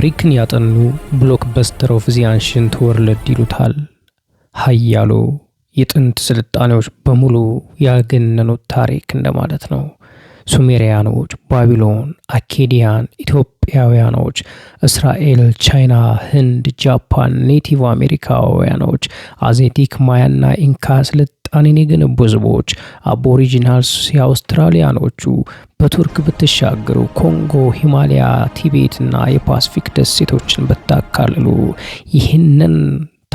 ታሪክን ያጠኑ ብሎክበስተር ኦፍ ዚ አንሽንት ወርልድ ይሉታል። ሀያሉ የጥንት ስልጣኔዎች በሙሉ ያገነኑት ታሪክ እንደማለት ነው። ሱሜሪያኖች፣ ባቢሎን፣ አኬዲያን፣ ኢትዮጵያውያኖች፣ እስራኤል፣ ቻይና፣ ህንድ፣ ጃፓን፣ ኔቲቭ አሜሪካውያኖች፣ አዜቲክ፣ ማያና ኢንካ ስልጣኔ ስልጣኔን የገነቡ ህዝቦች አቦሪጂናልስ የአውስትራሊያኖቹ በቱርክ ብትሻገሩ ኮንጎ፣ ሂማሊያ፣ ቲቤትና የፓስፊክ ደሴቶችን ብታካልሉ ይህንን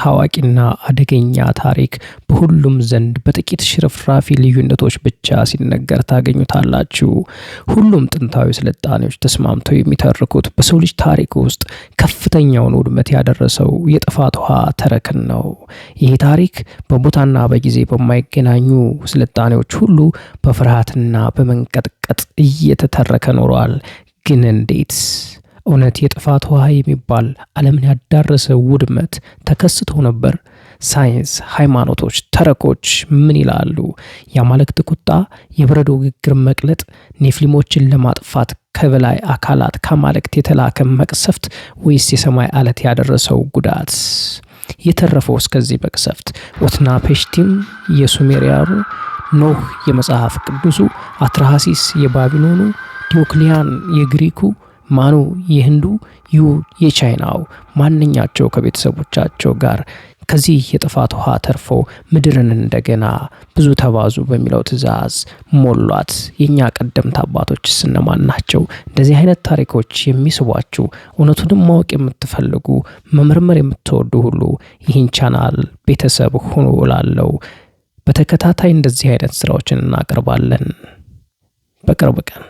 ታዋቂና አደገኛ ታሪክ በሁሉም ዘንድ በጥቂት ሽርፍራፊ ልዩነቶች ብቻ ሲነገር ታገኙታላችሁ። ሁሉም ጥንታዊ ስልጣኔዎች ተስማምተው የሚተርኩት በሰው ልጅ ታሪክ ውስጥ ከፍተኛውን ውድመት ያደረሰው የጥፋት ውሃ ተረክን ነው። ይህ ታሪክ በቦታና በጊዜ በማይገናኙ ስልጣኔዎች ሁሉ በፍርሃትና በመንቀጥቀጥ እየተተረከ ኖሯል። ግን እንዴት? እውነት የጥፋት ውሃ የሚባል ዓለምን ያዳረሰ ውድመት ተከስቶ ነበር። ሳይንስ፣ ሃይማኖቶች፣ ተረኮች ምን ይላሉ? የአማልክት ቁጣ፣ የበረዶ ግግር መቅለጥ፣ ኔፍሊሞችን ለማጥፋት ከበላይ አካላት ከአማልክት የተላከ መቅሰፍት ወይስ የሰማይ አለት ያደረሰው ጉዳት? የተረፈው እስከዚህ መቅሰፍት ኦትና ፔሽቲም የሱሜሪያሩ፣ ኖህ የመጽሐፍ ቅዱሱ፣ አትራሃሲስ የባቢሎኑ፣ ዲዮክሊያን የግሪኩ ማኑ የህንዱ ዩ የቻይናው ማንኛቸው ከቤተሰቦቻቸው ጋር ከዚህ የጥፋት ውሃ ተርፎ ምድርን እንደገና ብዙ ተባዙ በሚለው ትእዛዝ ሞሏት። የእኛ ቀደምት አባቶች እነማን ናቸው? እንደዚህ አይነት ታሪኮች የሚስቧችሁ እውነቱንም ማወቅ የምትፈልጉ መመርመር የምትወዱ ሁሉ ይህን ቻናል ቤተሰብ ሁኑ እላለሁ። በተከታታይ እንደዚህ አይነት ስራዎችን እናቀርባለን። በቅርብ ቀን